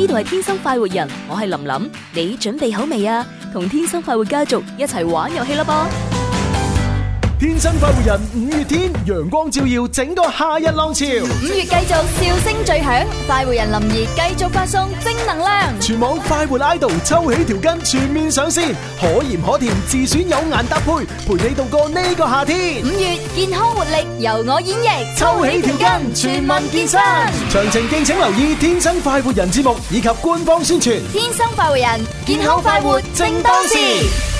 呢度係天生快活人，我係琳琳，你準備好未啊？同天生快活家族一齊玩遊戲啦噃！天生快活人，五月天陽光照耀整個夏日浪潮。五月繼續笑聲最響，快活人林怡繼續發送正能量。全網快活 idol 抽起條筋全面上線，可鹽可甜自選有顏搭配，陪你度過呢個夏天。五月健康活力由我演繹，抽起條筋全民健身。詳情敬請留意《天生快活人》節目以及官方宣傳。天生快活人，健康快活正當時。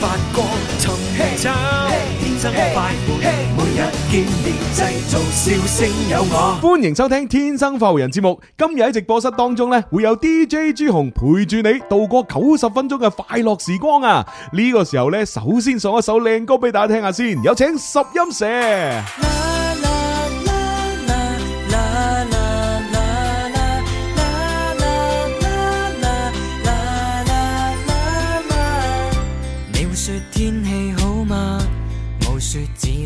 發哥，尋開心，天生快活，hey, hey, 每日見面製造笑聲有我。歡迎收聽《天生快活人》節目，今日喺直播室當中呢，會有 DJ 朱紅陪住你度過九十分鐘嘅快樂時光啊！呢個時候呢，首先上一首靚歌俾大家聽下先，有請十音社。音樂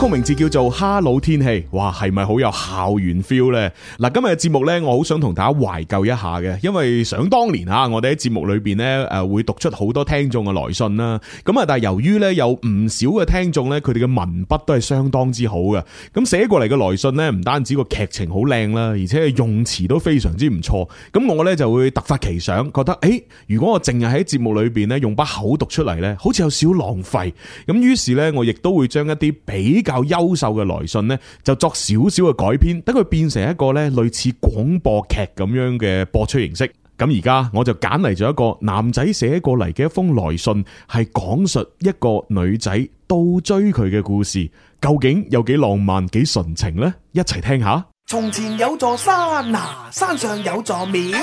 曲名字叫做《哈佬天氣》，哇，係咪好有校園 feel 呢？嗱，今日嘅節目呢，我好想同大家懷舊一下嘅，因為想當年啊，我哋喺節目裏邊呢，誒會讀出好多聽眾嘅來信啦。咁啊，但係由於呢，有唔少嘅聽眾呢，佢哋嘅文筆都係相當之好嘅，咁寫過嚟嘅來信呢，唔單止個劇情好靚啦，而且用詞都非常之唔錯。咁我呢，就會突發奇想，覺得咦、欸，如果我淨係喺節目裏邊呢，用把口讀出嚟呢，好似有少少浪費。咁於是呢，我亦都會將一啲比較比較優秀嘅來信呢，就作少少嘅改編，等佢變成一個咧，類似廣播劇咁樣嘅播出形式。咁而家我就揀嚟咗一個男仔寫過嚟嘅一封來信，係講述一個女仔倒追佢嘅故事，究竟有幾浪漫幾純情呢？一齊聽一下。從前有座山啊，山上有座廟，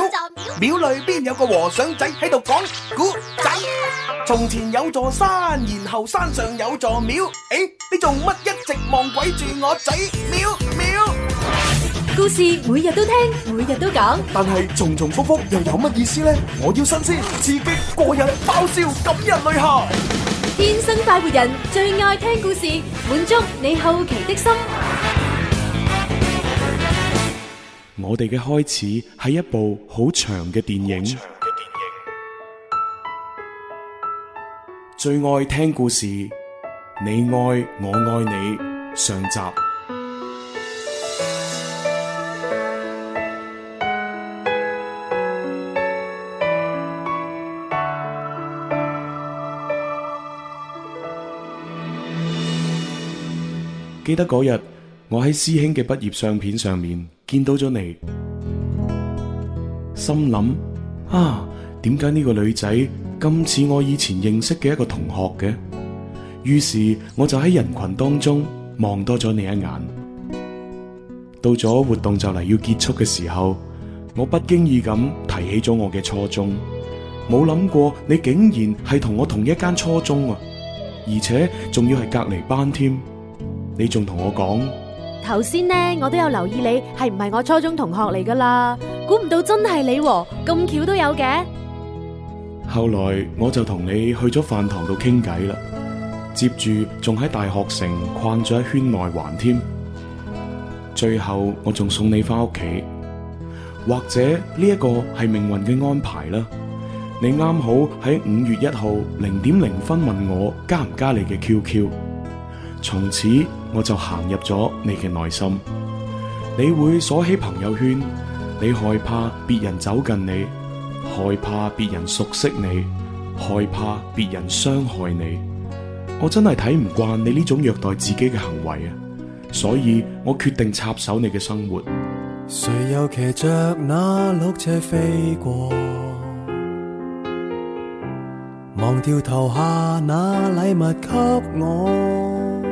廟裏邊有個和尚仔喺度講古仔。從 前有座山，然後山上有座廟。誒、欸，你做乜一直望鬼住我仔？廟廟，故事每日都聽，每日都講，但係重重複複又有乜意思呢？我要新鮮、刺激、過癮、爆笑、感人淚下，天生快活人最愛聽故事，滿足你好奇的心。我哋嘅開始係一部好長嘅電影。最愛聽故事，你愛我愛你上集。記得嗰日，我喺師兄嘅畢業相片上面。見到咗你，心諗啊，點解呢個女仔咁似我以前認識嘅一個同學嘅？於是我就喺人群當中望多咗你一眼。到咗活動就嚟要結束嘅時候，我不經意咁提起咗我嘅初中，冇諗過你竟然係同我同一間初中啊，而且仲要係隔離班添。你仲同我講。頭先呢，我都有留意你係唔係我初中同學嚟噶啦，估唔到真係你，啊，咁巧都有嘅。後來我就同你去咗飯堂度傾偈啦，接住仲喺大學城逛咗一圈內環添，最後我仲送你翻屋企，或者呢一個係命運嘅安排啦。你啱好喺五月一號零點零分問我加唔加你嘅 QQ，從此。我就行入咗你嘅內心，你會鎖起朋友圈，你害怕別人走近你，害怕別人熟悉你，害怕別人傷害你。我真係睇唔慣你呢種虐待自己嘅行為啊！所以我決定插手你嘅生活。誰又騎着那鹿車飛過？忘、嗯、掉投下那禮物給我。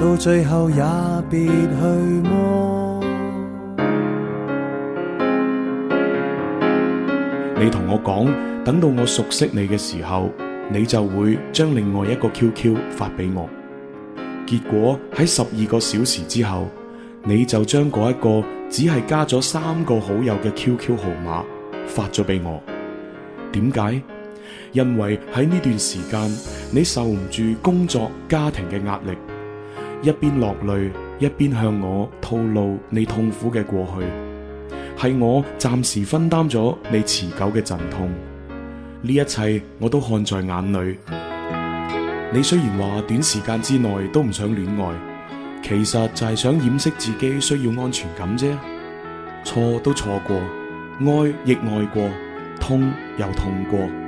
到最後也別去摸。你同我講，等到我熟悉你嘅時候，你就會將另外一個 QQ 發俾我。結果，喺十二個小時之後，你就將嗰一個只係加咗三個好友嘅 QQ 號碼發咗俾我。點解？因為喺呢段時間，你受唔住工作、家庭嘅壓力。一邊落淚，一邊向我透露你痛苦嘅過去，係我暫時分擔咗你持久嘅陣痛。呢一切我都看在眼裏。你雖然話短時間之內都唔想戀愛，其實就係想掩飾自己需要安全感啫。錯都錯過，愛亦愛過，痛又痛過。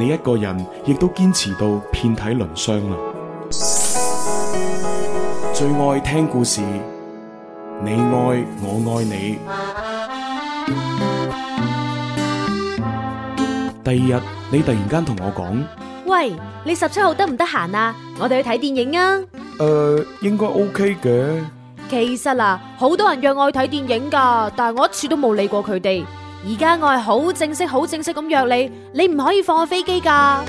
你一個人亦都堅持到遍體鱗傷啦。最愛聽故事，你愛我愛你。第二日，你突然間同我講：喂，你十七號得唔得閒啊？我哋去睇電影啊！誒、呃，應該 OK 嘅。其實啦，好多人約我去睇電影㗎，但係我一次都冇理過佢哋。而家我係好正式、好正式咁約你，你唔可以放我飛機噶。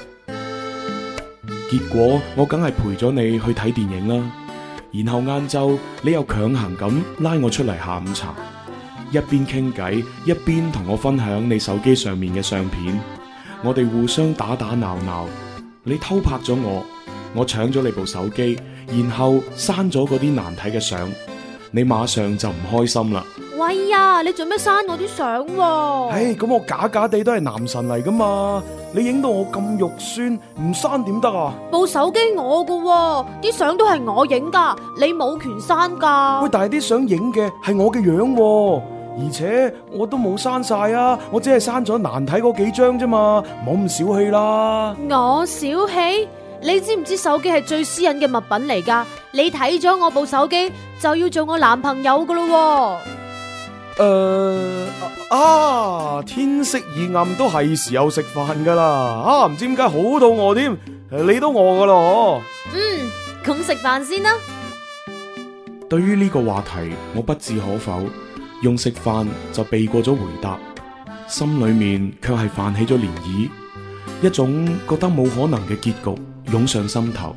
結果我梗係陪咗你去睇電影啦，然後晏晝你又強行咁拉我出嚟下午茶，一邊傾偈一邊同我分享你手機上面嘅相片，我哋互相打打鬧鬧，你偷拍咗我，我搶咗你部手機，然後刪咗嗰啲難睇嘅相，你馬上就唔開心啦。喂呀，你做咩刪我啲相？唉、哎，咁我假假地都係男神嚟噶嘛？你影到我咁肉酸，唔刪點得啊？部手機我噶，啲相都係我影噶，你冇權刪噶。喂，但係啲相影嘅係我嘅樣，而且我都冇刪晒啊，我只係刪咗難睇嗰幾張啫嘛，冇咁小氣啦。我小氣？你知唔知手機係最私隱嘅物品嚟噶？你睇咗我部手機就要做我男朋友噶咯？誒、uh, 啊！天色已暗，都係時候食飯噶啦！啊，唔知點解好肚餓添，你都餓噶啦？嗯，咁食飯先啦。對於呢個話題，我不置可否，用食飯就避過咗回答，心裏面卻係泛起咗漣漪，一種覺得冇可能嘅結局湧上心頭。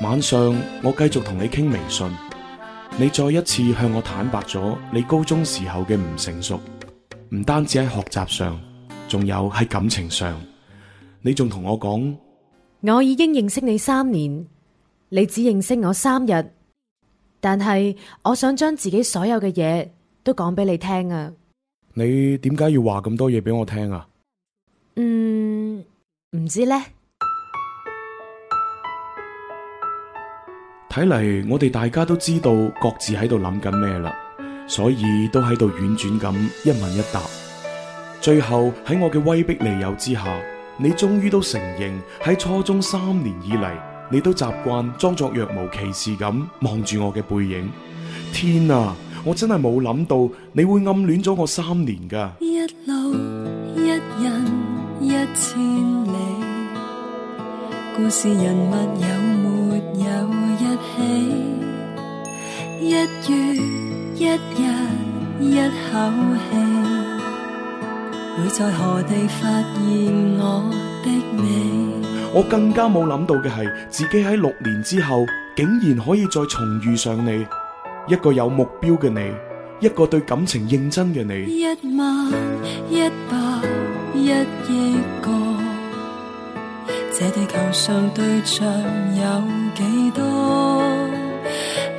晚上我繼續同你傾微信。你再一次向我坦白咗你高中時候嘅唔成熟，唔單止喺學習上，仲有喺感情上。你仲同我講，我已經認識你三年，你只認識我三日，但係我想將自己所有嘅嘢都講俾你聽啊！你點解要話咁多嘢俾我聽啊？嗯，唔知咧。睇嚟，我哋大家都知道各自喺度諗緊咩啦，所以都喺度婉轉咁一問一答。最後喺我嘅威逼利誘之下，你終於都承認喺初中三年以嚟，你都習慣裝作若無其事咁望住我嘅背影。天啊，我真係冇諗到你會暗戀咗我三年㗎。一路一人一千里，故事人物有。一月一日一口氣，會在何地發現我的你？我更加冇諗到嘅係，自己喺六年之後，竟然可以再重遇上你，一個有目標嘅你，一個對感情認真嘅你。一萬一百一億個，這地球上對象有幾多？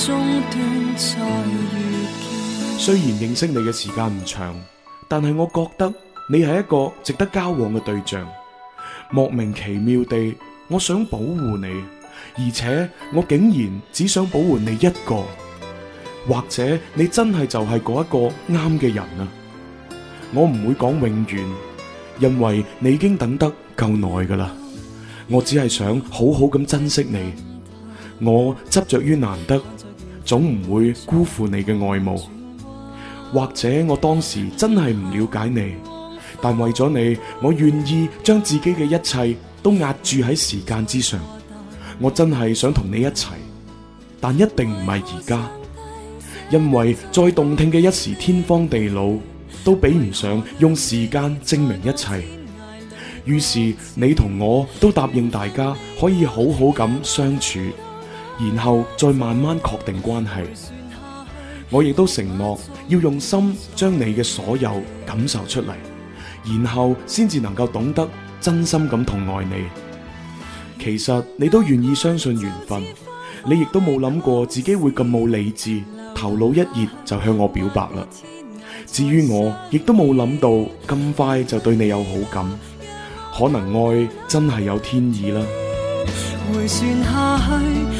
雖然認識你嘅時間唔長，但係我覺得你係一個值得交往嘅對象。莫名其妙地，我想保護你，而且我竟然只想保護你一個。或者你真係就係嗰一個啱嘅人啊！我唔會講永遠，因為你已經等得夠耐噶啦。我只係想好好咁珍惜你。我執着於難得。總唔會辜負你嘅愛慕，或者我當時真係唔了解你，但為咗你，我願意將自己嘅一切都壓住喺時間之上。我真係想同你一齊，但一定唔係而家，因為再動聽嘅一時天荒地老都比唔上用時間證明一切。於是你同我都答應大家可以好好咁相處。然後再慢慢確定關係，我亦都承諾要用心將你嘅所有感受出嚟，然後先至能夠懂得真心咁同愛你。其實你都願意相信緣分，你亦都冇諗過自己會咁冇理智，頭腦一熱就向我表白啦。至於我亦都冇諗到咁快就對你有好感，可能愛真係有天意啦。回旋下去。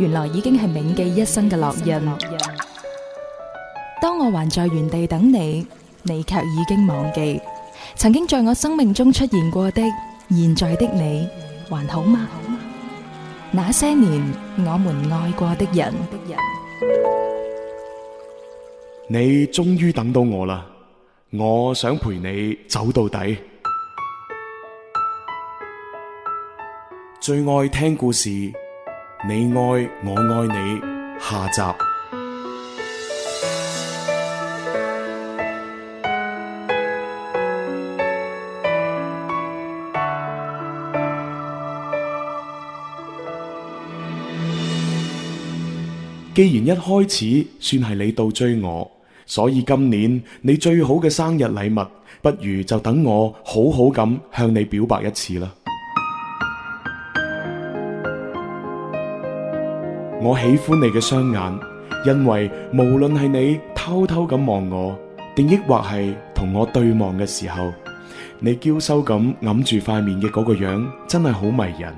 原來已經係銘記一生嘅烙印。當我還在原地等你，你卻已經忘記曾經在我生命中出現過的現在的你還好嗎？那些年我們愛過的人，你終於等到我啦！我想陪你走到底。最愛聽故事。你愛我愛你，下集。既然一開始算係你倒追我，所以今年你最好嘅生日禮物，不如就等我好好咁向你表白一次啦。我喜歡你嘅雙眼，因為無論係你偷偷咁望我，定抑或係同我對望嘅時候，你嬌羞咁揞住塊面嘅嗰個樣，真係好迷人。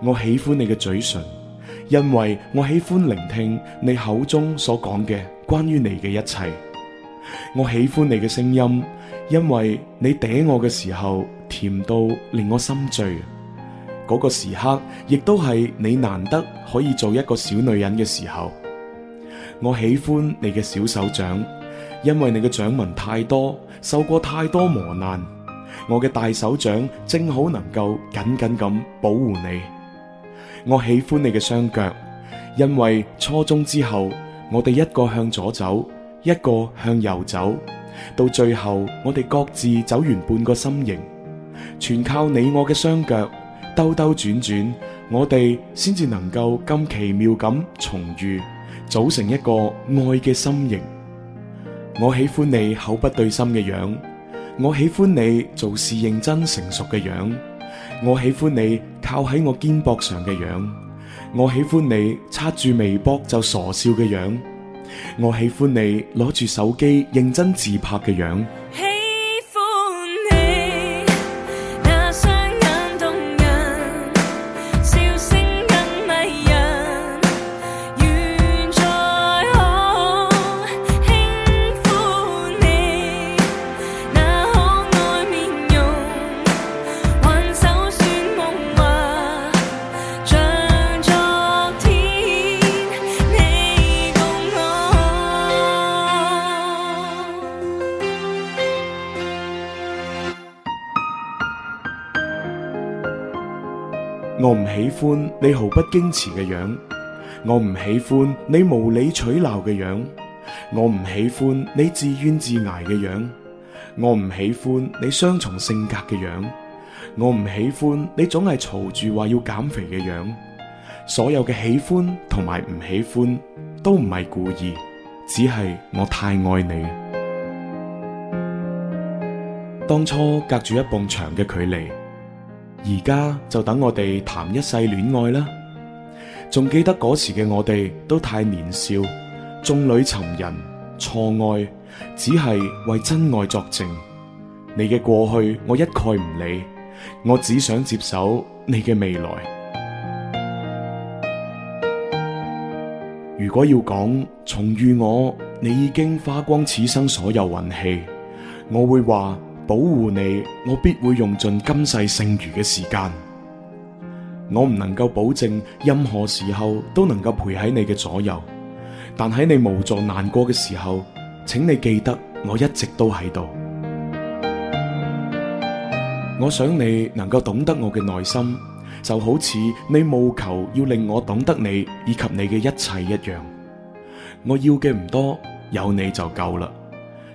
我喜歡你嘅嘴唇，因為我喜歡聆聽你口中所講嘅關於你嘅一切。我喜歡你嘅聲音，因為你嗲我嘅時候甜到令我心醉。嗰、那個時刻，亦都係你難得可以做一個小女人嘅時候。我喜歡你嘅小手掌，因為你嘅掌紋太多，受過太多磨難。我嘅大手掌正好能夠緊緊咁保護你。我喜歡你嘅雙腳，因為初中之後，我哋一個向左走，一個向右走，到最後我哋各自走完半個心形，全靠你我嘅雙腳。兜兜轉轉，我哋先至能夠咁奇妙咁重遇，組成一個愛嘅心形。我喜歡你口不對心嘅樣，我喜歡你做事認真成熟嘅樣，我喜歡你靠喺我肩膊上嘅樣，我喜歡你刷住微博就傻笑嘅樣，我喜歡你攞住手機認真自拍嘅樣。喜歡你毫不矜持嘅樣，我唔喜歡你無理取鬧嘅樣，我唔喜歡你自怨自艾嘅樣，我唔喜歡你雙重性格嘅樣，我唔喜歡你總係嘈住話要減肥嘅樣。所有嘅喜歡同埋唔喜歡都唔係故意，只係我太愛你。當初隔住一埲牆嘅距離。而家就等我哋談一世戀愛啦！仲記得嗰時嘅我哋都太年少，眾裏尋人，錯愛，只係為真愛作證。你嘅過去我一概唔理，我只想接手你嘅未來。如果要講重遇我，你已經花光此生所有運氣，我會話，保護你，我必會用盡今世剩餘嘅時間。我唔能夠保證任何時候都能夠陪喺你嘅左右，但喺你無助難過嘅時候，請你記得我一直都喺度。我想你能夠懂得我嘅內心，就好似你務求要令我懂得你以及你嘅一切一樣。我要嘅唔多，有你就夠了。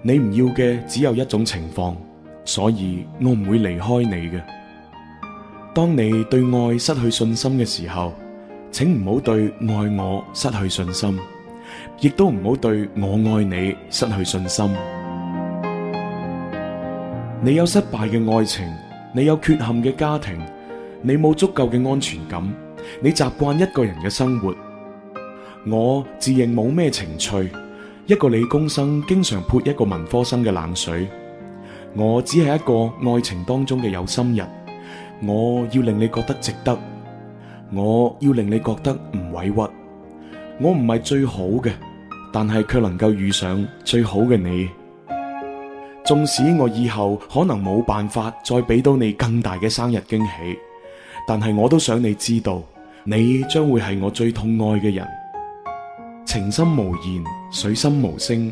你唔要嘅只有一種情況。所以我唔會離開你嘅。當你對愛失去信心嘅時候，請唔好對愛我失去信心，亦都唔好對我愛你失去信心。你有失敗嘅愛情，你有缺陷嘅家庭，你冇足夠嘅安全感，你習慣一個人嘅生活。我自認冇咩情趣，一個理工生經常潑一個文科生嘅冷水。我只係一個愛情當中嘅有心人，我要令你覺得值得，我要令你覺得唔委屈。我唔係最好嘅，但係卻能夠遇上最好嘅你。縱使我以後可能冇辦法再俾到你更大嘅生日驚喜，但係我都想你知道，你將會係我最痛愛嘅人。情深無言，水深無聲。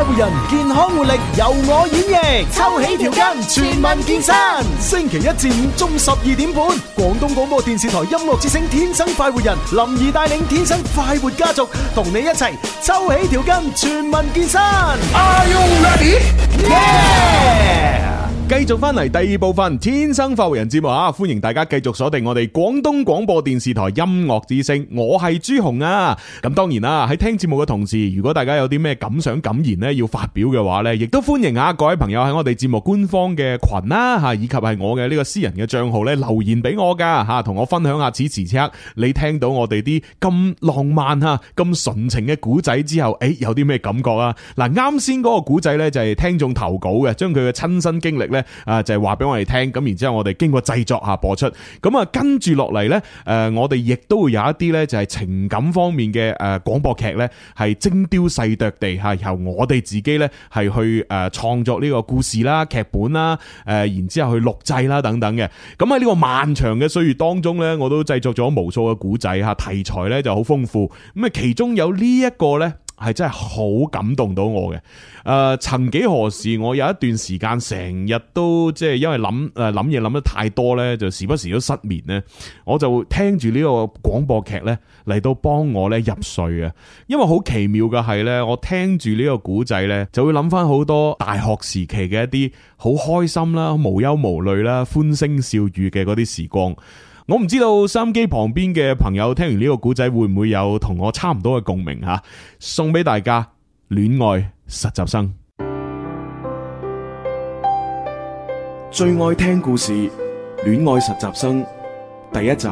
快活人健康活力由我演繹，抽起條筋全，全民健身。星期一至五中午十二點半，廣東廣播電視台音樂之聲《天生快活人》，林儀帶領天生快活家族同你一齊抽起條筋全民健身。繼續翻嚟第二部分《天生發福人》節目啊！歡迎大家繼續鎖定我哋廣東廣播電視台音樂之聲，我係朱紅啊！咁當然啦，喺聽節目嘅同時，如果大家有啲咩感想感言呢，要發表嘅話呢，亦都歡迎啊！各位朋友喺我哋節目官方嘅群啦吓，以及係我嘅呢個私人嘅賬號呢留言俾我噶吓，同我分享下此時此刻你聽到我哋啲咁浪漫啊咁純情嘅古仔之後，誒有啲咩感覺啊？嗱，啱先嗰個古仔呢，就係聽眾投稿嘅，將佢嘅親身經歷啊、就是，就係話俾我哋聽，咁然之後我哋經過製作下播出，咁啊跟住落嚟呢，誒我哋亦都會有一啲呢，就係情感方面嘅誒廣播劇呢，係精雕細琢地由我哋自己呢，係去誒創作呢個故事啦、劇本啦，誒然之後去錄製啦等等嘅。咁喺呢個漫長嘅歲月當中呢，我都製作咗無數嘅古仔吓，題材呢就好豐富，咁啊其中有呢、這、一個呢。係真係好感動到我嘅，誒、呃，曾幾何時，我有一段時間成日都即係、就是、因為諗誒諗嘢諗得太多呢，就時不時都失眠呢。我就聽住呢個廣播劇呢嚟到幫我呢入睡啊。因為好奇妙嘅係呢。我聽住呢個古仔呢，就會諗翻好多大學時期嘅一啲好開心啦、無憂無慮啦、歡聲笑語嘅嗰啲時光。我唔知道收音機旁邊嘅朋友聽完呢個故仔會唔會有同我差唔多嘅共鳴吓，送俾大家《戀愛實習生》，最愛聽故事《戀愛實習生》第一集。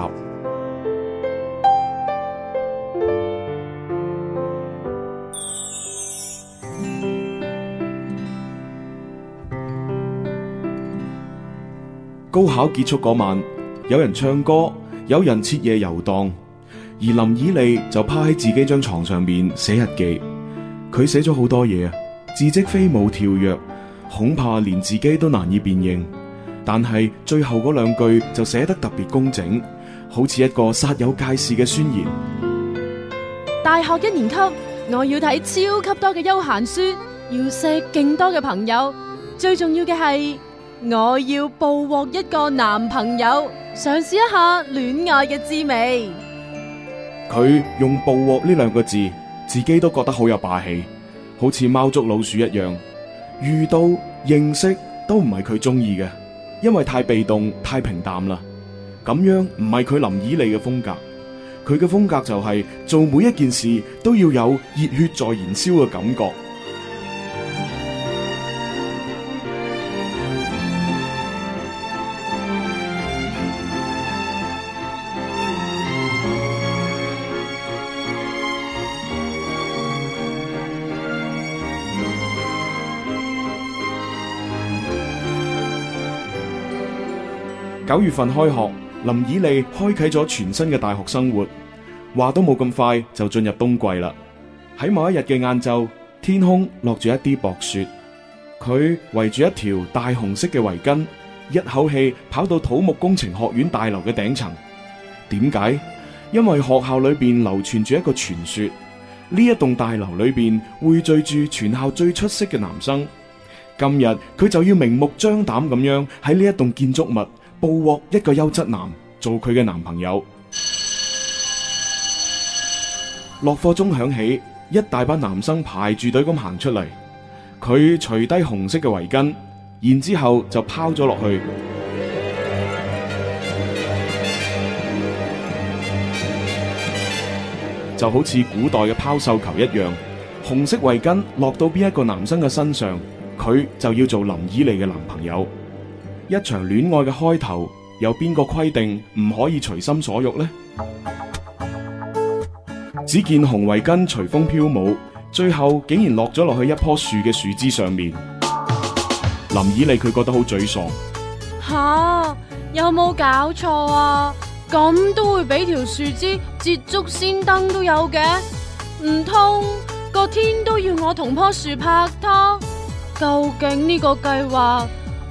高考結束嗰晚，有人唱歌，有人徹夜遊蕩，而林以利就趴喺自己張床上面寫日記。佢寫咗好多嘢，字跡飛舞跳躍，恐怕連自己都難以辨認。但係最後嗰兩句就寫得特別工整，好似一個煞有介事嘅宣言。大學一年級，我要睇超級多嘅休閒書，要識勁多嘅朋友，最重要嘅係。我要捕獲一個男朋友，嘗試一下戀愛嘅滋味。佢用捕獲呢兩個字，自己都覺得好有霸氣，好似貓捉老鼠一樣。遇到認識都唔係佢中意嘅，因為太被動太平淡啦。咁樣唔係佢林以利嘅風格。佢嘅風格就係做每一件事都要有熱血在燃燒嘅感覺。九月份開學，林以利開啟咗全新嘅大學生活。話都冇咁快就進入冬季啦。喺某一日嘅晏晝，天空落住一啲薄雪。佢圍住一條大紅色嘅圍巾，一口氣跑到土木工程學院大樓嘅頂層。點解？因為學校裏邊流傳住一個傳說，呢一棟大樓裏邊會聚住全校最出色嘅男生。今日佢就要明目張膽咁樣喺呢一棟建築物，捕獲一個優質男做佢嘅男朋友。落課鐘響起，一大班男生排住隊咁行出嚟。佢除低紅色嘅圍巾，然之後就拋咗落去，就好似古代嘅拋繡球一樣。紅色圍巾落到邊一個男生嘅身上，佢就要做林依利嘅男朋友。一場戀愛嘅開頭，有邊個規定唔可以隨心所欲呢？只見紅圍巾隨風飄舞，最後竟然落咗落去一棵樹嘅樹枝上面。林以莉佢覺得好沮喪。吓、啊，有冇搞錯啊？咁都會俾條樹枝捷足先登都有嘅？唔通個天都要我同棵樹拍拖？究竟呢個計劃？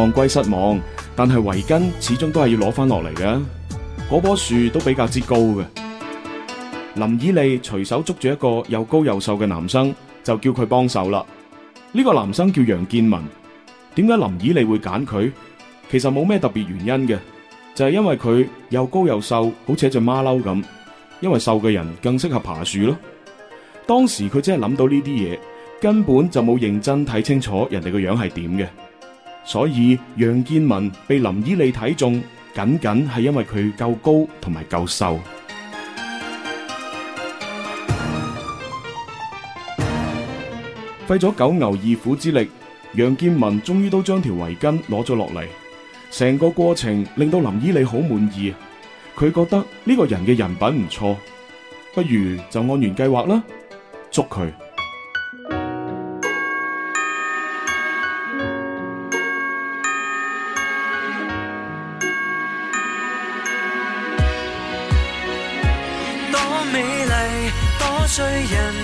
望歸失望，但係圍巾始終都係要攞翻落嚟嘅。嗰棵樹都比較之高嘅。林以利隨手捉住一個又高又瘦嘅男生，就叫佢幫手啦。呢、這個男生叫楊建文。點解林以利會揀佢？其實冇咩特別原因嘅，就係、是、因為佢又高又瘦，好似隻馬騮咁。因為瘦嘅人更適合爬樹咯。當時佢只係諗到呢啲嘢，根本就冇認真睇清楚人哋個樣係點嘅。所以楊建文被林依莉睇中，僅僅係因為佢夠高同埋夠瘦。費咗九牛二虎之力，楊建文終於都將條圍巾攞咗落嚟。成個過程令到林依莉好滿意，佢覺得呢個人嘅人品唔錯，不如就按原計劃啦，捉佢。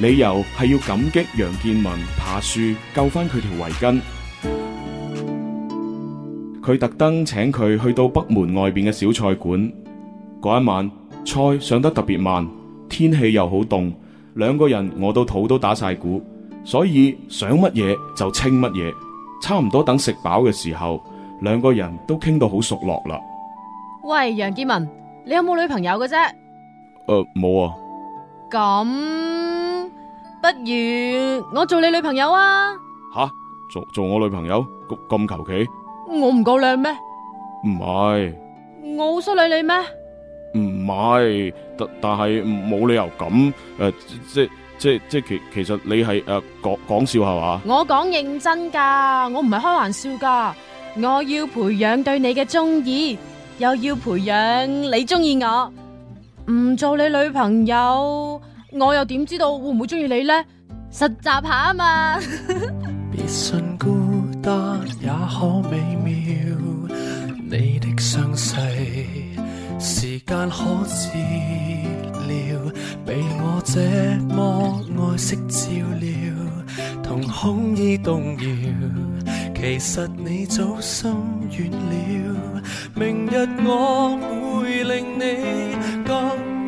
理由係要感激楊建文爬樹救翻佢條圍巾，佢特登請佢去到北門外面嘅小菜館。嗰一晚菜上得特別慢，天氣又好凍，兩個人餓到肚都打晒鼓，所以想乜嘢就清乜嘢。差唔多等食飽嘅時候，兩個人都傾到好熟絡啦。喂，楊建文，你有冇女朋友嘅啫？誒、呃，冇啊。咁。不如我做你女朋友啊！吓，做做我女朋友咁咁求其？我唔夠靚咩？唔係，我好失禮你咩？唔係，但但係冇理由咁誒，即即即即其其實你係誒講講笑係嘛？我講認真㗎，我唔係開玩笑㗎，我要培養對你嘅中意，又要培養你中意我，唔做你女朋友。我又點知道會唔會中意你呢？實習下啊嘛。別信孤單，也可美妙。你的傷勢，時間可治療。被我這麼愛惜照料，同情亦動搖。其實你早心軟了，明日我會令你更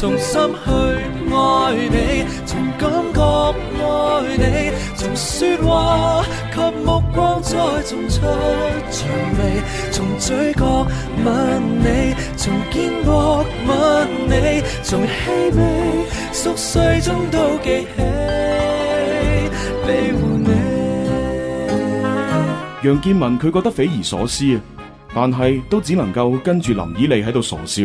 從心去愛你，從感覺愛你，從說話及目光再尋出薔薇，從嘴角吻你，從肩膊吻你，從氣味熟睡中都記起庇護你。楊建文佢覺得匪夷所思啊，但係都只能夠跟住林以麗喺度傻笑。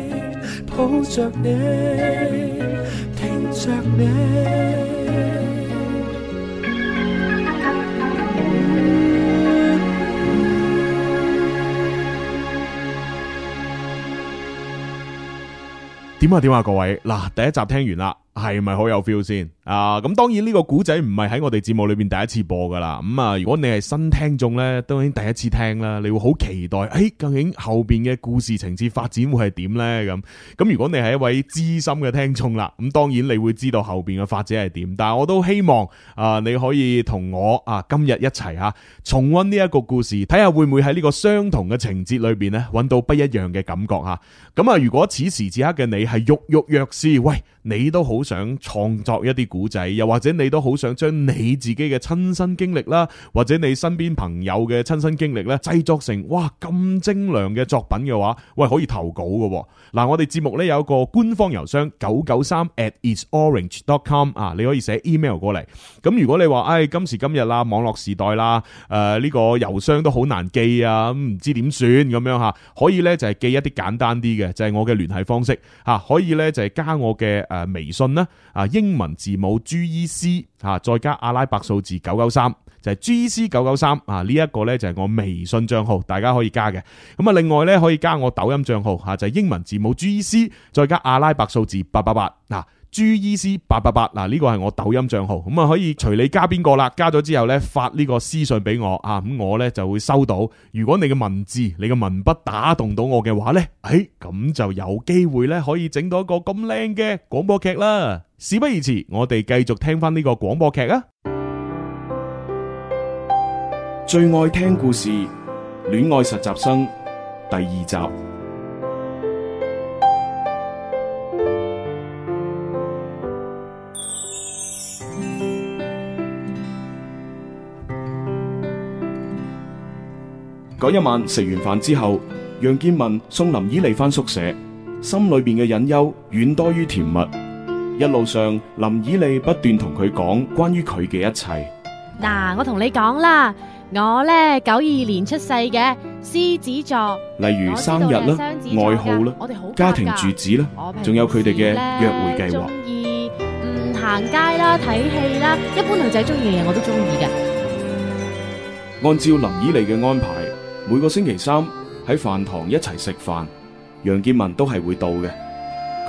抱着你，聽着你。點啊點啊，各位，嗱，第一集聽完啦，係咪好有 feel 先？啊，咁當然呢個古仔唔係喺我哋節目裏邊第一次播噶啦，咁、嗯、啊，如果你係新聽眾呢，當然第一次聽啦，你會好期待，誒、哎，究竟後邊嘅故事情節發展會係點呢？咁，咁如果你係一位資深嘅聽眾啦，咁、啊、當然你會知道後邊嘅發展係點，但係我都希望啊，你可以同我啊今日一齊吓、啊、重溫呢一個故事，睇下會唔會喺呢個相同嘅情節裏邊呢，搵到不一樣嘅感覺吓。咁啊，啊，如果此時此刻嘅你係躍躍欲試，喂，你都好想創作一啲。古仔，又或者你都好想將你自己嘅親身經歷啦，或者你身邊朋友嘅親身經歷咧，製作成哇咁精良嘅作品嘅話，喂，可以投稿嘅。嗱、啊，我哋節目咧有一個官方郵箱九九三 at itsorange.com 啊，.com, 你可以寫 email 過嚟。咁如果你話唉、哎、今時今日啦，網絡時代啦，誒、呃、呢、這個郵箱都好難記啊，咁唔知點算咁樣吓，可以咧就係、是、記一啲簡單啲嘅，就係、是、我嘅聯繫方式吓、啊，可以咧就係、是、加我嘅誒、呃、微信啦啊英文字。冇 G E C 吓，再加阿拉伯數字九九三，就係 G E C 九九三啊！呢一個呢，就係我微信賬號，大家可以加嘅。咁啊，另外呢，可以加我抖音賬號吓，就係、是、英文字母 G E C，再加阿拉伯數字八八八嗱。GEC 八八八嗱，呢個係我抖音賬號，咁啊可以隨你加邊個啦，加咗之後呢，發呢個私信俾我啊，咁我呢就會收到。如果你嘅文字，你嘅文筆打動到我嘅話呢，哎咁就有機會呢可以整到一個咁靚嘅廣播劇啦。事不宜遲，我哋繼續聽翻呢個廣播劇啊！最愛聽故事，戀愛實習生第二集。嗰一晚食完飯之後，楊建文送林依莉翻宿舍，心裏邊嘅隱憂遠多於甜蜜。一路上，林依莉不斷同佢講關於佢嘅一切。嗱，我同你講啦，我咧九二年出世嘅獅子座，例如生日啦、愛好啦、家庭住址啦，仲有佢哋嘅約會計劃。中意嗯行街啦、睇戲啦，一般女仔中意嘅嘢我都中意嘅。按照林依莉嘅安排。每個星期三喺飯堂一齊食飯，楊建文都係會到嘅。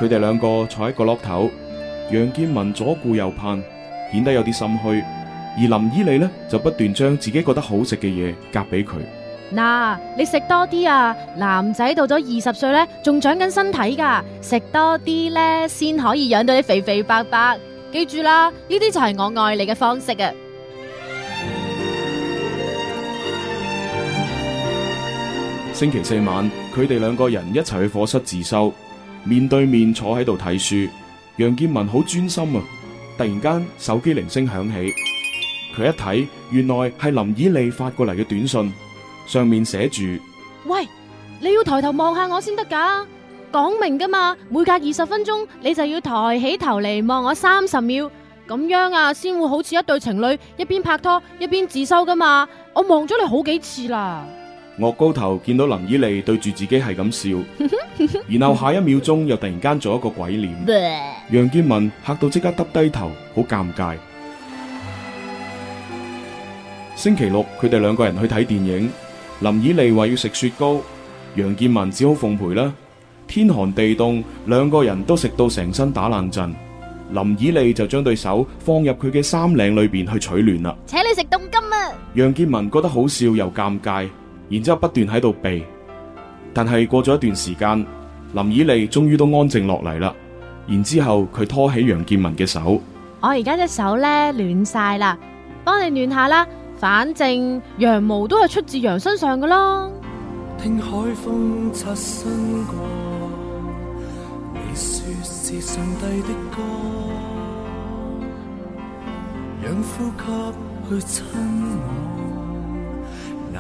佢哋兩個坐喺角落頭，楊建文左顧右盼，顯得有啲心虛。而林依莉呢，就不斷將自己覺得好食嘅嘢夾俾佢。嗱、啊，你食多啲啊！男仔到咗二十歲呢，仲長緊身體噶，食多啲呢，先可以養到你肥肥白白。記住啦，呢啲就係我愛你嘅方式啊！星期四晚，佢哋兩個人一齊去課室自修，面對面坐喺度睇書。楊建文好專心啊！突然間，手機鈴聲響起，佢一睇，原來係林綺麗發過嚟嘅短信，上面寫住：喂，你要抬頭望下我先得噶，講明噶嘛，每隔二十分鐘你就要抬起頭嚟望我三十秒，咁樣啊，先會好似一對情侶一邊拍拖一邊自修噶嘛。我望咗你好幾次啦。惡高頭見到林依莉對住自己係咁笑， 然後下一秒鐘又突然間做一個鬼臉，楊 建文嚇到即刻耷低頭，好尷尬。 星期六佢哋兩個人去睇電影，林依莉話要食雪糕，楊建文只好奉陪啦。天寒地凍，兩個人都食到成身打冷震，林依莉就將對手放入佢嘅衫領裏邊去取暖啦。請你食凍金啊！楊建文覺得好笑又尷尬。然之後不斷喺度避，但係過咗一段時間，林以利終於都安靜落嚟啦。然之後佢拖起楊建文嘅手，我而家隻手咧暖晒啦，幫你暖下啦。反正羊毛都係出自羊身上噶咯。聽海風擦身過，你說是上帝的歌，讓呼吸去親我。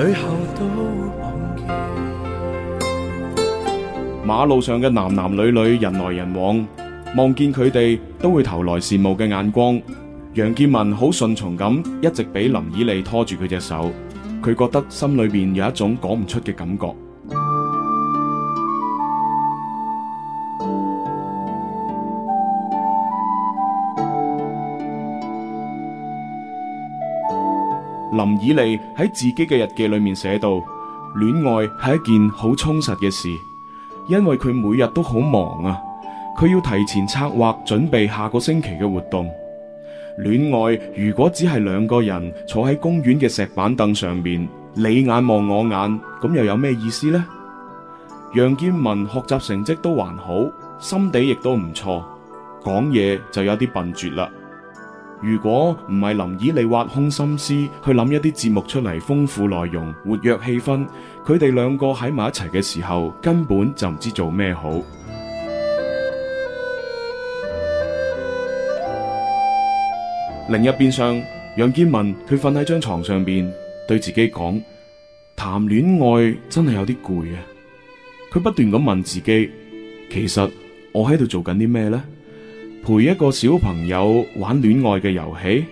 最後都碰見馬路上嘅男男女女，人來人往，望見佢哋都會投來羨慕嘅眼光。楊建文好順從咁，一直俾林以利拖住佢隻手，佢覺得心裏面有一種講唔出嘅感覺。林以利喺自己嘅日記裏面寫到：「戀愛係一件好充實嘅事，因為佢每日都好忙啊，佢要提前策劃準備下個星期嘅活動。戀愛如果只係兩個人坐喺公園嘅石板凳上面，你眼望我眼，咁又有咩意思呢？」楊建文學習成績都還好，心地亦都唔錯，講嘢就有啲笨拙啦。如果唔係林以你挖空心思去諗一啲節目出嚟豐富內容活躍氣氛，佢哋兩個喺埋一齊嘅時候根本就唔知做咩好。另一邊上，楊建文佢瞓喺張床上邊，對自己講：，談戀愛真係有啲攰啊！佢不斷咁問自己：，其實我喺度做緊啲咩呢？」陪一個小朋友玩戀愛嘅遊戲，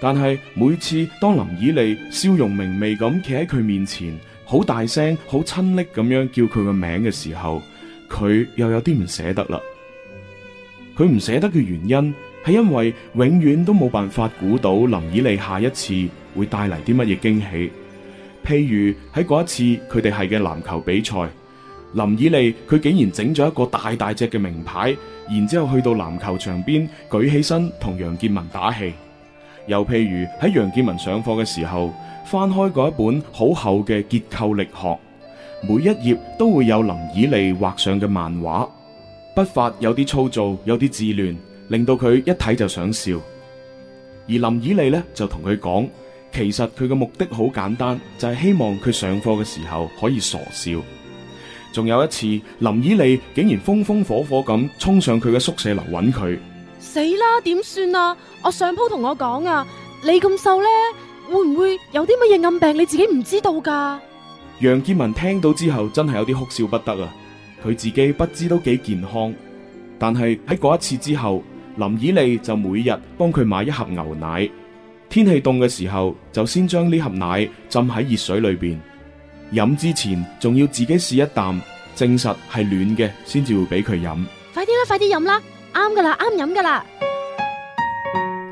但係每次當林以利笑容明媚咁企喺佢面前，好大聲、好親昵咁樣叫佢個名嘅時候，佢又有啲唔捨得啦。佢唔捨得嘅原因係因為永遠都冇辦法估到林以利下一次會帶嚟啲乜嘢驚喜，譬如喺嗰一次佢哋係嘅籃球比賽。林以利佢竟然整咗一個大大隻嘅名牌，然之後去到籃球場邊舉起身同楊建文打氣。又譬如喺楊建文上課嘅時候，翻開嗰一本好厚嘅結構力學，每一頁都會有林以利畫上嘅漫畫，筆法有啲粗糙，有啲自亂，令到佢一睇就想笑。而林以利呢，就同佢講，其實佢嘅目的好簡單，就係希望佢上課嘅時候可以傻笑。仲有一次，林以利竟然風風火火咁衝上佢嘅宿舍樓揾佢。死啦！點算啊？我上鋪同我講啊，你咁瘦呢？會唔會有啲乜嘢暗病？你自己唔知道噶？楊建文聽到之後真係有啲哭笑不得啊！佢自己不知都幾健康，但係喺嗰一次之後，林以利就每日幫佢買一盒牛奶，天氣凍嘅時候就先將呢盒奶浸喺熱水裏邊。飲之前仲要自己試一啖，證實係暖嘅先至會俾佢飲。快啲啦，快啲飲啦，啱噶啦，啱飲噶啦。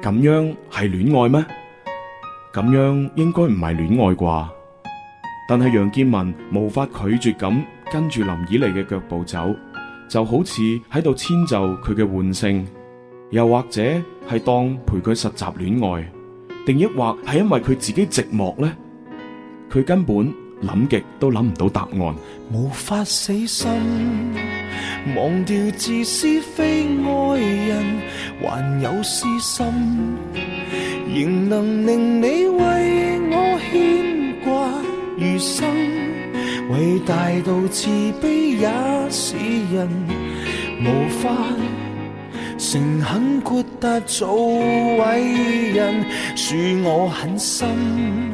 咁樣係戀愛咩？咁樣應該唔係戀愛啩？但係楊建文無法拒絕咁跟住林以莉嘅腳步走，就好似喺度遷就佢嘅玩性，又或者係當陪佢實習戀愛，定抑或係因為佢自己寂寞咧？佢根本。諗極都諗唔到答案，無法死心，忘掉自私非愛人，還有私心，仍能令你為我牽掛餘生，偉大到自卑也是人，無法誠懇豁達做偉人，恕我狠心。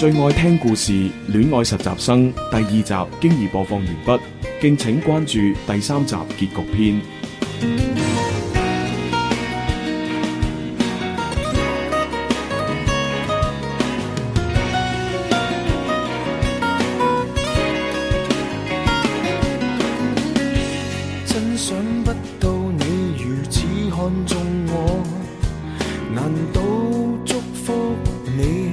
最愛聽故事《戀愛實習生》第二集，經已播放完畢，敬請關注第三集結局篇。真想不到你如此看中我，難道祝福你？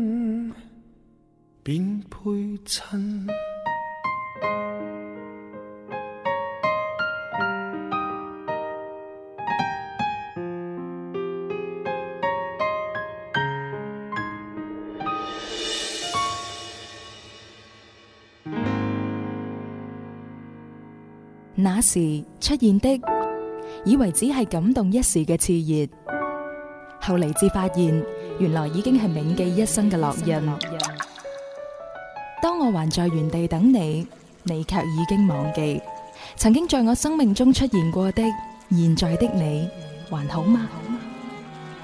便配襯，那時出現的，以為只係感動一時嘅熾熱，後嚟至發現，原來已經係銘記一生嘅烙印。當我還在原地等你，你却已經忘記曾經在我生命中出現過的，現在的你還好嗎，好嗎？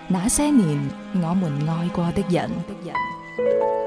那些年我們愛過的人，愛過的人。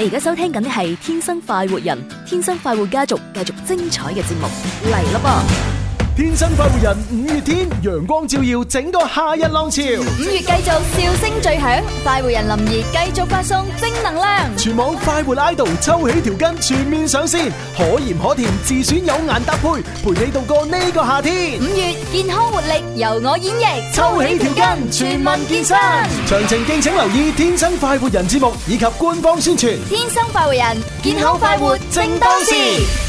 你而家收聽緊嘅係《天生快活人》，天生快活家族繼續精彩嘅節目嚟啦噃！天生快活人，五月天陽光照耀整個夏日浪潮。五月繼續笑聲最響，快活人林怡繼續發送正能量。全網快活 idol 抽起條筋全面上線，可鹽可甜自選有顏搭配，陪你度過呢個夏天。五月健康活力由我演繹，抽起條筋全民健身。詳情敬請留意《天生快活人》節目以及官方宣傳。天生快活人，健康快活正當時。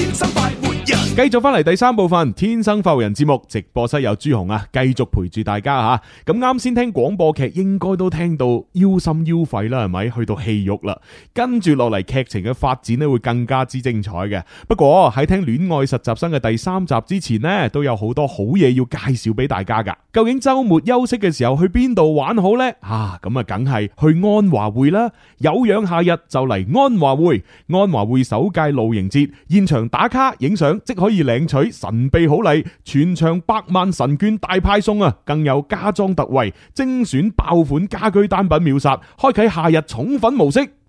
繼續翻嚟，第三部分《天生浮人》節目，直播室有朱紅啊，繼續陪住大家吓。咁啱先聽廣播劇，應該都聽到腰心腰肺啦，係咪？去到戲肉啦。跟住落嚟劇情嘅發展呢，會更加之精彩嘅。不過喺聽《戀愛實習生》嘅第三集之前呢，都有好多好嘢要介紹俾大家噶。究竟周末休息嘅時候去邊度玩好呢？啊，咁啊，梗係去安華會啦。有氧夏日就嚟安華會，安華會首屆露營節現場打卡影相即，可以領取神秘好禮，全場百萬神券大派送啊！更有家裝特惠，精選爆款家居單品秒殺，開啟夏日寵粉模式。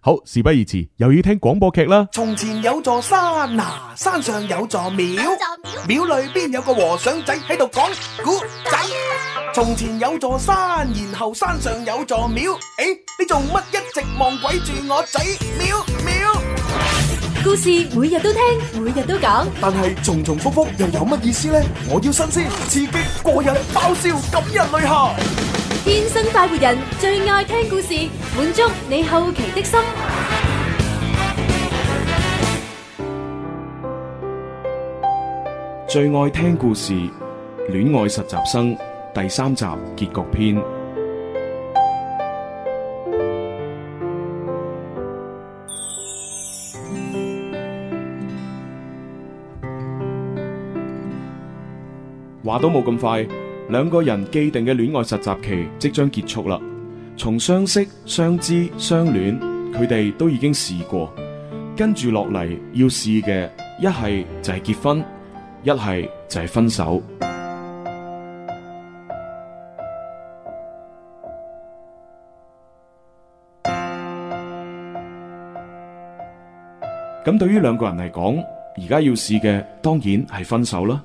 好，事不宜遲，又要聽廣播劇啦。從前有座山嗱、啊，山上有座廟，廟裏邊有個和尚仔喺度講古仔。從前有座山，然後山上有座廟。誒、欸，你做乜一直望鬼住我仔廟廟？故事每日都聽，每日都講，但係重重複複又有乜意思呢？我要新鮮、刺激、過癮、爆笑、感人內涵。天生快活人，最愛聽故事，滿足你好奇的心。最愛聽故事，戀愛實習生第三集結局篇。話都冇咁快。兩個人既定嘅戀愛實習期即將結束啦，從相識、相知、相戀，佢哋都已經試過，跟住落嚟要試嘅一係就係結婚，一係就係分手。咁對於兩個人嚟講，而家要試嘅當然係分手啦。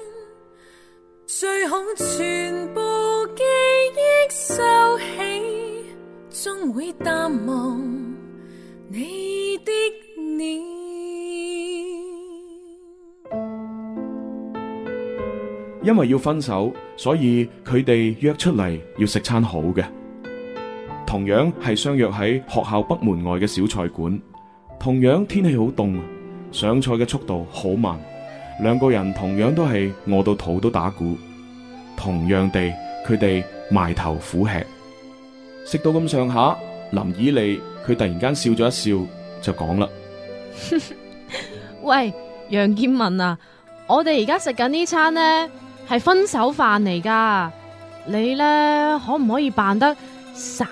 最好全部記憶收起，總會淡忘你的臉。因為要分手，所以佢哋約出嚟要食餐好嘅。同樣係相約喺學校北門外嘅小菜館，同樣天氣好凍，上菜嘅速度好慢。兩個人同樣都係餓到肚都打鼓，同樣地，佢哋埋頭苦吃，食到咁上下。林以利佢突然間笑咗一笑，就講啦， 喂，楊建文啊，我哋而家食緊呢餐呢，係分手飯嚟噶，你咧可唔可以扮得稍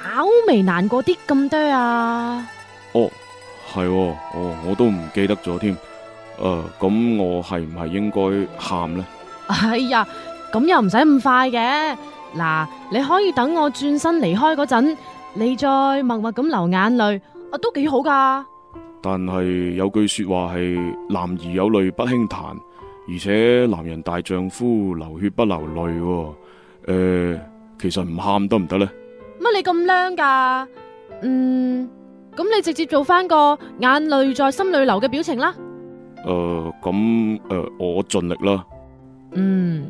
微難過啲咁多啊？哦，係、哦，哦，我都唔記得咗添。誒，咁我係唔係應該喊呢？哎呀，咁又唔使咁快嘅。嗱，你可以等我轉身離開嗰陣，你再默默咁流眼淚，啊，都幾好噶。但係有句說話係男兒有淚不輕彈，而且男人大丈夫流血不流淚。誒，其實唔喊得唔得呢？乜你咁靚噶？嗯，咁你直接做翻個眼淚在心裏流嘅表情啦。誒、呃，咁誒、呃，我盡力啦。嗯，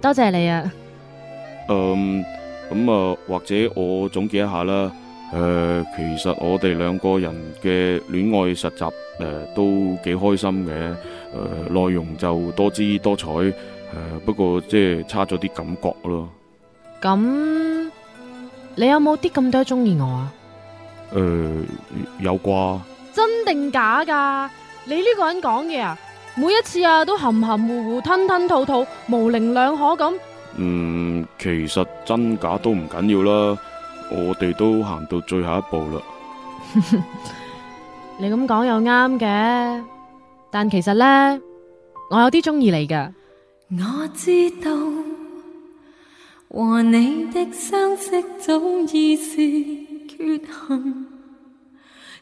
多謝你啊。嗯、呃，咁啊，或者我總結一下啦。誒、呃，其實我哋兩個人嘅戀愛實習誒、呃，都幾開心嘅。誒、呃，內容就多姿多彩。誒、呃，不過即係差咗啲感覺咯。咁，你有冇啲咁多中意我啊？誒、呃，有啩？真定假噶？你呢個人講嘢啊，每一次啊都含含糊糊、吞吞吐吐、模稜兩可咁。嗯，其實真假都唔緊要啦，我哋都行到最後一步啦。 你咁講又啱嘅，但其實咧，我有啲中意你㗎。我知道和你的相識早已是缺陷。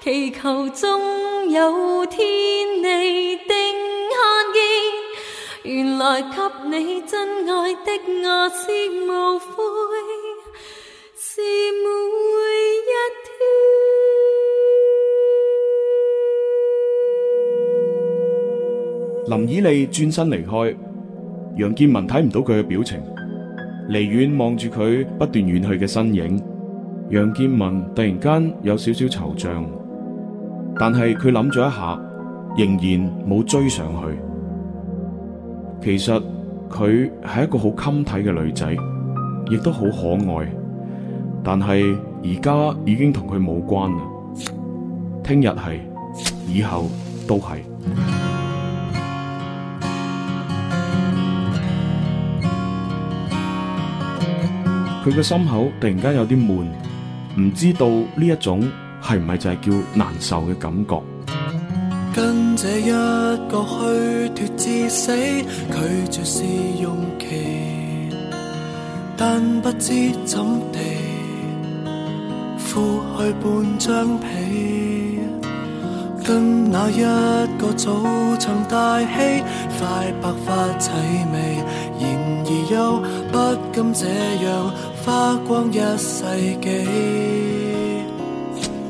祈求終有天你定看見，原來給你真愛的我，是無悔是每一天。林以利轉身離開，楊建文睇唔到佢嘅表情，離遠望住佢不斷遠去嘅身影，楊建文突然間有少少惆悵。但係佢諗咗一下，仍然冇追上去。其實佢係一個好襟睇嘅女仔，亦都好可愛。但係而家已經同佢冇關啦。聽日係，以後都係。佢嘅心口突然間有啲悶，唔知道呢一種。係唔係就係叫難受嘅感覺？跟這一個虛脱至死，拒絕試用期，但不知怎地敷去半張被。跟那一個早層大氣，快白髮齊眉，然而又不甘這樣花光一世紀。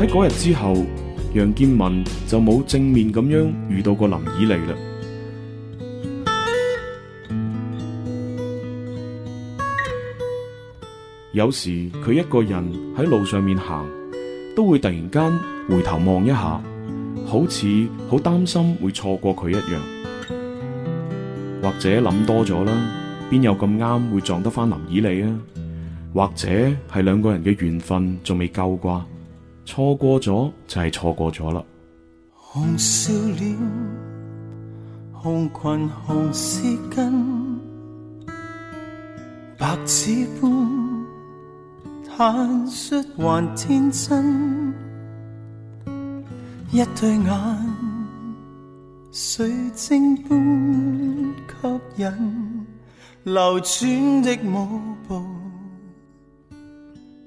喺嗰日之後，楊建文就冇正面咁樣遇到過林以麗嘞。有時佢一個人喺路上面行，都會突然間回頭望一下，好似好擔心會錯過佢一樣，或者諗多咗啦，邊有咁啱會撞得翻林以麗啊？或者係兩個人嘅緣分仲未夠啩，錯過咗就係、是、錯過咗啦。紅笑臉，紅裙紅絲巾，白紙般坦率還天真，一對眼水晶般吸引，流轉的舞步。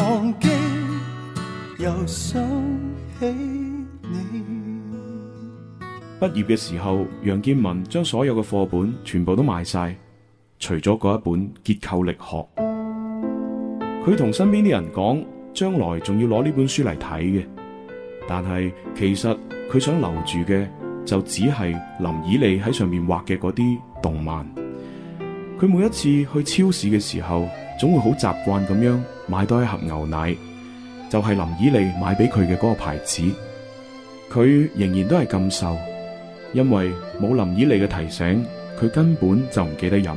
忘記又想起你畢業嘅時候，楊建文將所有嘅課本全部都賣晒，除咗嗰一本結構力學，佢同身邊啲人講，將來仲要攞呢本書嚟睇嘅。但係其實佢想留住嘅就只係林以麗喺上面畫嘅嗰啲動漫。佢每一次去超市嘅時候，總會好習慣咁樣。買多一盒牛奶，就係林綺利買俾佢嘅嗰個牌子。佢仍然都係咁瘦，因為冇林綺利嘅提醒，佢根本就唔記得飲。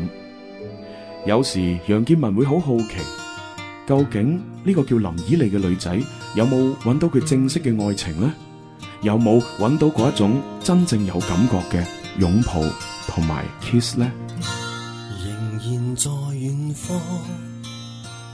有時楊建文會好好奇，究竟呢個叫林綺利嘅女仔有冇揾到佢正式嘅愛情呢？有冇揾到嗰一種真正有感覺嘅擁抱同埋 kiss 呢？仍然在遠方。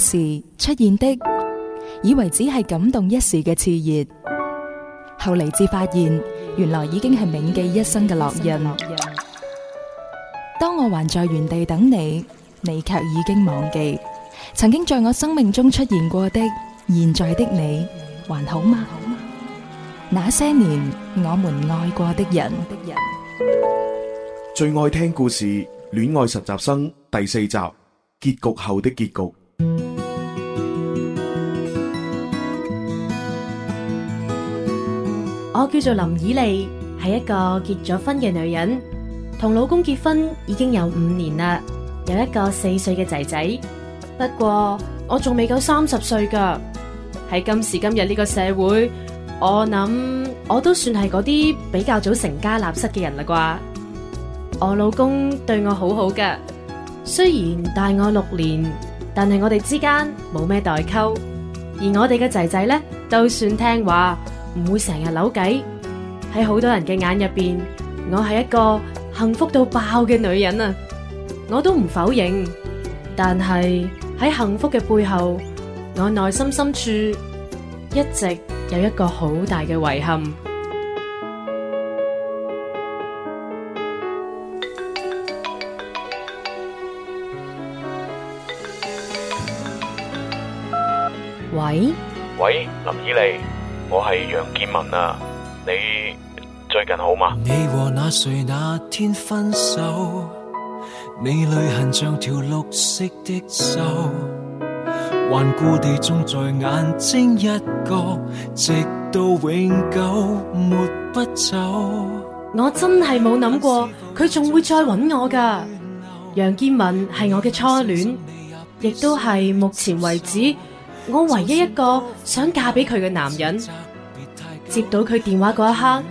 時出現的，以為只係感動一時嘅熾熱，後嚟至發現，原來已經係銘記一生嘅烙印。當我還在原地等你，你卻已經忘記曾經在我生命中出現過的。現在的你還好嗎？那些年我們愛過的人，最愛聽故事《戀愛實習生》第四集結局後的結局。我叫做林以麗，係一個結咗婚嘅女人，同老公結婚已經有五年啦，有一個四歲嘅仔仔。不過我仲未夠三十歲噶，喺今時今日呢個社會，我諗我都算係嗰啲比較早成家立室嘅人啦啩。我老公對我好好噶，雖然大我六年。但係我哋之間冇咩代溝，而我哋嘅仔仔咧都算聽話，唔會成日扭計。喺好多人嘅眼入邊，我係一個幸福到爆嘅女人啊！我都唔否認。但係喺幸福嘅背後，我內心深處一直有一個好大嘅遺憾。喂，喂，林依莉，我係楊建文啊，你最近好嗎？你和那誰那天分手，你淚痕像條綠色的鏽，頑固地種在眼睛一角，直到永久抹不走。我真係冇諗過佢仲會再揾我噶，楊建文係我嘅初戀，亦都係目前為止。我唯一一個想嫁俾佢嘅男人，接到佢電話嗰一刻。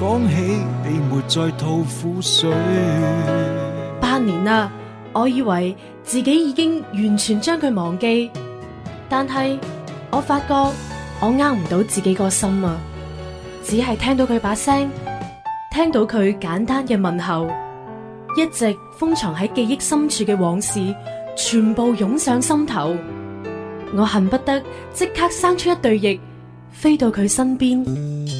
講起你沒再吐苦水，八年啦，我以為自己已經完全將佢忘記，但係我發覺我啱唔到自己個心啊！只係聽到佢把聲，聽到佢簡單嘅問候，一直封藏喺記憶深處嘅往事，全部湧上心頭，我恨不得即刻生出一對翼，飛到佢身邊。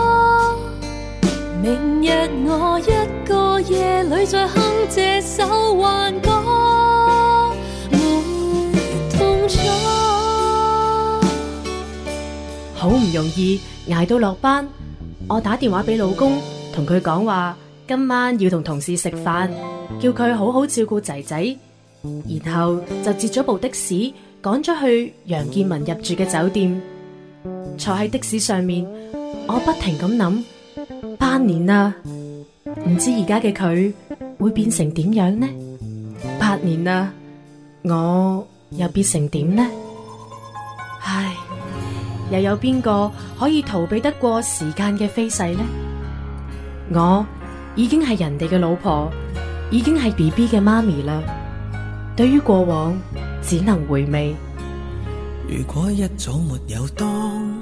明日我一個夜裏再哼這首幻歌，冇痛楚。好唔容易捱到落班，我打電話俾老公，同佢講話今晚要同同事食飯，叫佢好好照顧仔仔，然後就接咗部的士，趕咗去楊建文入住嘅酒店。坐喺的士上面，我不停咁諗。八年啦，唔知而家嘅佢會變成點樣呢？八年啦，我又變成點呢？唉，又有邊個可以逃避得過時間嘅飛逝呢？我已經係人哋嘅老婆，已經係 BB 嘅媽咪啦。對於過往，只能回味。如果一早沒有當。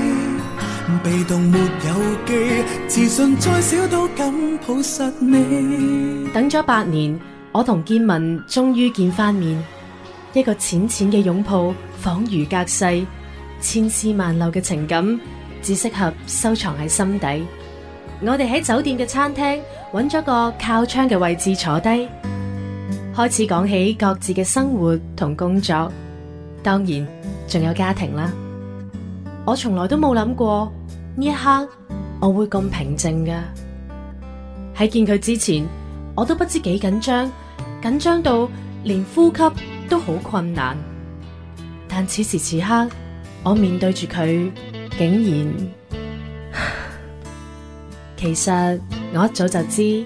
被動沒有機，自信再小都敢抱實你。等咗八年，我同建文終於見翻面，一個淺淺嘅擁抱，恍如隔世，千絲萬縷嘅情感只適合收藏喺心底。我哋喺酒店嘅餐廳揾咗個靠窗嘅位置坐低，開始講起各自嘅生活同工作，當然仲有家庭啦。我從來都冇諗過。呢一刻我會咁平靜噶，喺見佢之前我都不知幾緊張，緊張到連呼吸都好困難。但此時此刻我面對住佢，竟然 其實我一早就知，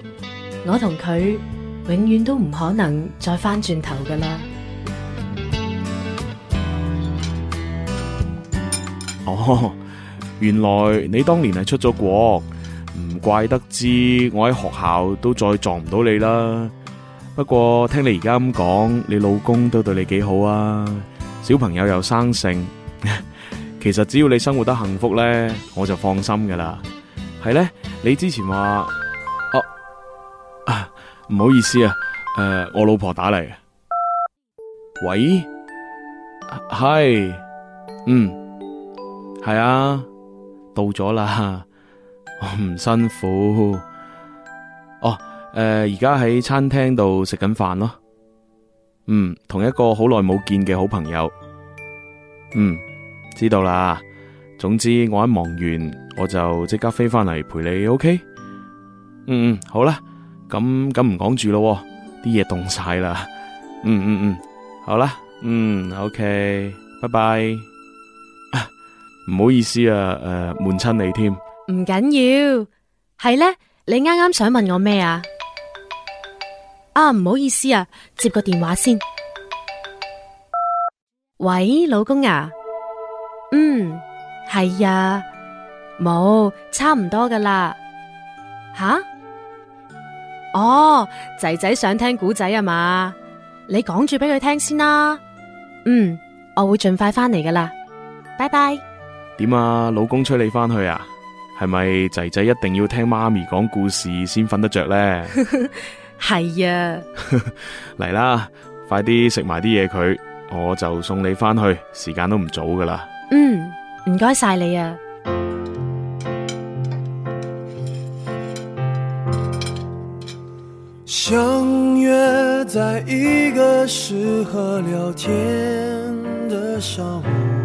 我同佢永遠都唔可能再返轉頭噶啦。哦、oh.。原來你當年係出咗國，唔怪得知我喺學校都再撞唔到你啦。不過聽你而家咁講，你老公都對你幾好啊，小朋友又生性。 其實只要你生活得幸福呢，我就放心噶啦。係呢，你之前話哦，唔、啊啊、好意思啊，誒、呃，我老婆打嚟嘅。喂，係、啊，嗯，係啊。到咗啦，我 唔辛苦。哦，誒、呃，而家喺餐廳度食緊飯咯。嗯，同一個好耐冇見嘅好朋友。嗯，知道啦。總之我一忙完，我就即刻飛翻嚟陪你。OK？嗯嗯，好啦，咁咁唔講住咯，啲嘢凍晒啦。嗯嗯嗯，好啦，嗯，OK，拜拜。唔好意思啊，誒、呃，悶親你添，唔緊要，係咧。你啱啱想問我咩啊？啊，唔好意思啊，接個電話先。喂，老公啊，嗯，係呀、啊，冇差唔多噶啦。吓、啊，哦，仔仔想聽古仔啊嘛？你講住俾佢聽先啦。嗯，我會盡快翻嚟噶啦，拜拜。點啊，老公催你翻去啊？係咪仔仔一定要聽媽咪講故事先瞓得着呢？係 是啊，嚟 啦，快啲食埋啲嘢，佢，我就送你翻去，時間都唔早噶啦。嗯，唔該晒你啊。相約在一個適合聊天的上午。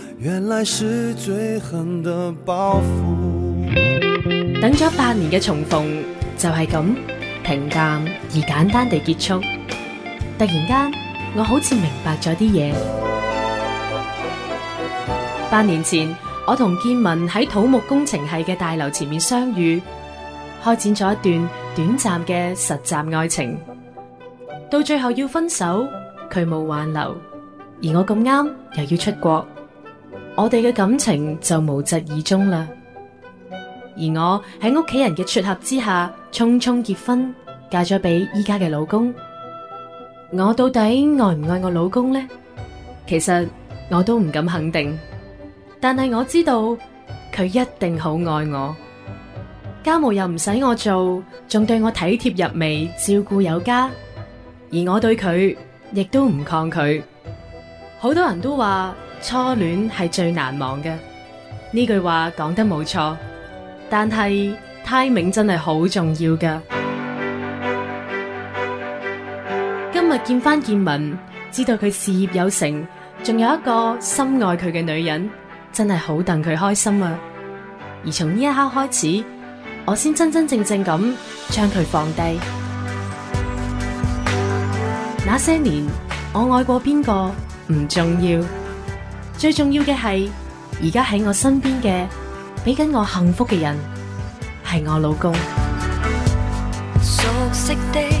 原來是最狠的報復。等咗八年嘅重逢，就係咁平淡而簡單地結束。突然間，我好似明白咗啲嘢。八年前，我同建文喺土木工程係嘅大樓前面相遇，開展咗一段短暫嘅實習愛情。到最後要分手，佢冇挽留，而我咁啱又要出國。我哋嘅感情就無疾而終啦，而我喺屋企人嘅撮合之下，匆匆結婚，嫁咗俾依家嘅老公。我到底愛唔愛我老公呢？其實我都唔敢肯定，但係我知道佢一定好愛我。家務又唔使我做，仲對我體貼入微，照顧有加，而我對佢亦都唔抗拒。好多人都話，初戀係最難忘嘅，呢句話講得冇錯，但係 timing 真係好重要噶。今日見翻建文，知道佢事業有成，仲有一個深愛佢嘅女人，真係好戥佢開心啊！而從呢一刻開始，我先真真正正咁將佢放低。那些年，我愛過邊個唔重要。最重要嘅係，而家喺我身邊嘅，畀緊我幸福嘅人，係我老公。熟悉的